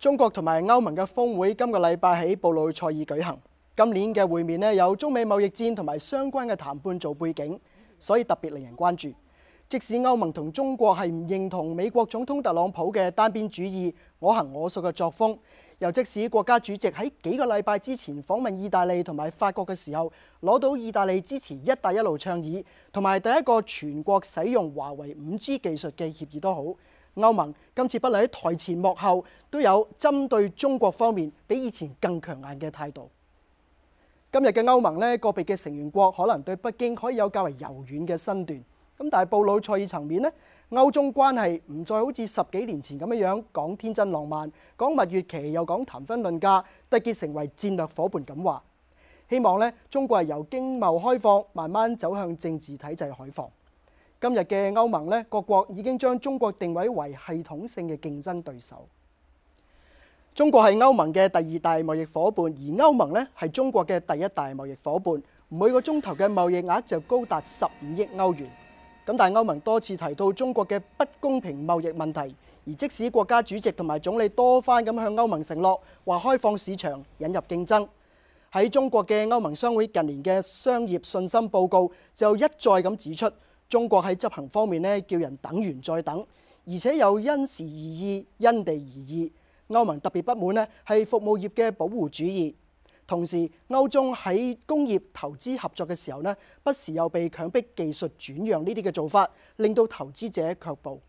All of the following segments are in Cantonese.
中國同埋歐盟嘅峰會今個禮拜喺布魯塞爾舉行。今年嘅會面咧，有中美貿易戰同埋相關嘅談判做背景，所以特別令人關注。即使歐盟同中國係唔認同美國總統特朗普嘅單邊主義、我行我素嘅作風，又即使國家主席喺幾個禮拜之前訪問意大利同埋法國嘅時候，攞到意大利支持「一帶一路」倡議，同埋第一個全國使用華為 5G 技術嘅協議都好。歐盟今次不論喺台前幕後，都有針對中國方面比以前更強硬嘅態度，今天的歐。今日嘅歐盟咧，個別嘅成員國可能對北京可以有較為柔軟嘅身段。咁但係布魯塞爾層面咧，歐中關係唔再好似十幾年前咁樣樣講天真浪漫，講蜜月期又講談婚論嫁，突結成為戰略伙伴咁話。希望呢中國係由經貿開放慢慢走向政治體制開放。今日嘅歐盟呢，各國已經將中國定位為系統性嘅競爭對手。中國係歐盟嘅第二大貿易夥伴，而歐盟呢，係中國嘅第一大貿易夥伴，每個鐘頭嘅貿易額就高達十五億歐元。咁但係歐盟多次提到中國嘅不公平貿易問題，而即使國家主席同埋總理多番咁向歐盟承諾話開放市場、引入競爭，喺中國嘅歐盟商會近年嘅商業信心報告就一再咁指出。中國喺執行方面咧，叫人等完再等，而且又因時而異、因地而異。歐盟特別不滿咧，係服務業嘅保護主義，同時歐中喺工業投資合作嘅時候咧，不時又被強迫技術轉讓呢啲嘅做法，令到投資者卻步。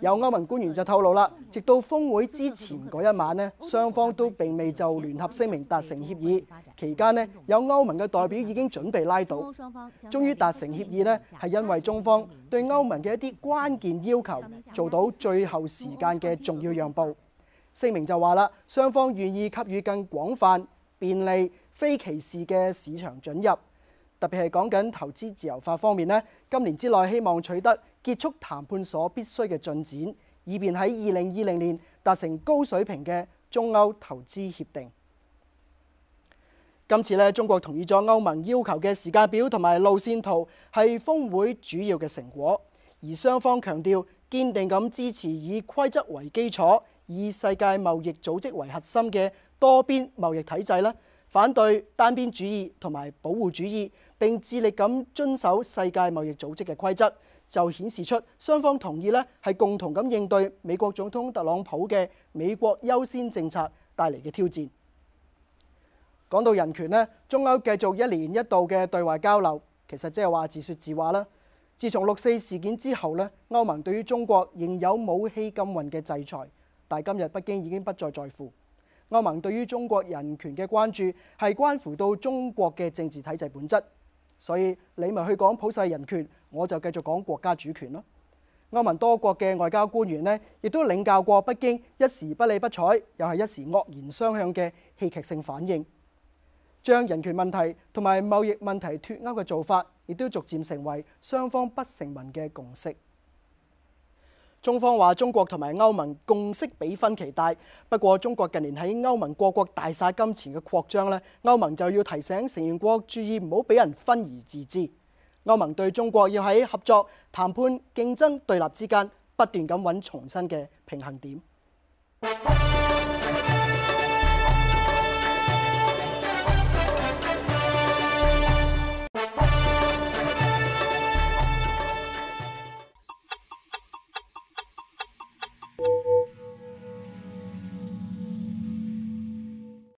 有歐盟官員就透露啦，直到峰會之前嗰一晚呢，雙方都並未就聯合聲明達成協議。期間呢，有歐盟嘅代表已經準備拉倒。終於達成協議呢，係因為中方對歐盟嘅一啲關鍵要求做到最後時間嘅重要讓步。聲明就話啦，雙方願意給予更廣泛、便利、非歧視嘅市場准入。特別係講緊投資自由化方面咧，今年之內希望取得結束談判所必須嘅進展，以便喺二零二零年達成高水平嘅中歐投資協定。今次咧，中國同意咗歐盟要求嘅時間表同埋路線圖係峰會主要嘅成果，而雙方強調堅定咁支持以規則為基礎、以世界貿易組織為核心嘅多邊貿易體制啦。反對單邊主義同埋保護主義，並致力咁遵守世界貿易組織嘅規則，就顯示出雙方同意咧係共同咁應對美國總統特朗普嘅美國優先政策帶嚟嘅挑戰。講到人權咧，中歐繼續一年一度嘅對話交流，其實即係話自説自話啦。自從六四事件之後咧，歐盟對於中國仍有武器禁運嘅制裁，但今日北京已經不再在乎。歐盟對於中國人權嘅關注係關乎到中國嘅政治體制本質，所以你咪去講普世人權，我就繼續講國家主權咯。歐盟多國嘅外交官員呢，亦都領教過北京一時不理不睬，又係一時惡言相向嘅戲劇性反應，將人權問題同埋貿易問題脫鈎嘅做法，亦都逐漸成為雙方不成文嘅共識。中方話：中國同埋歐盟共識比分歧大，不過中國近年喺歐盟各國大灑金錢嘅擴張咧，歐盟就要提醒成員國注意，唔好俾人分而治之。歐盟對中國要喺合作、談判、競爭、對立之間不斷咁揾重新嘅平衡點。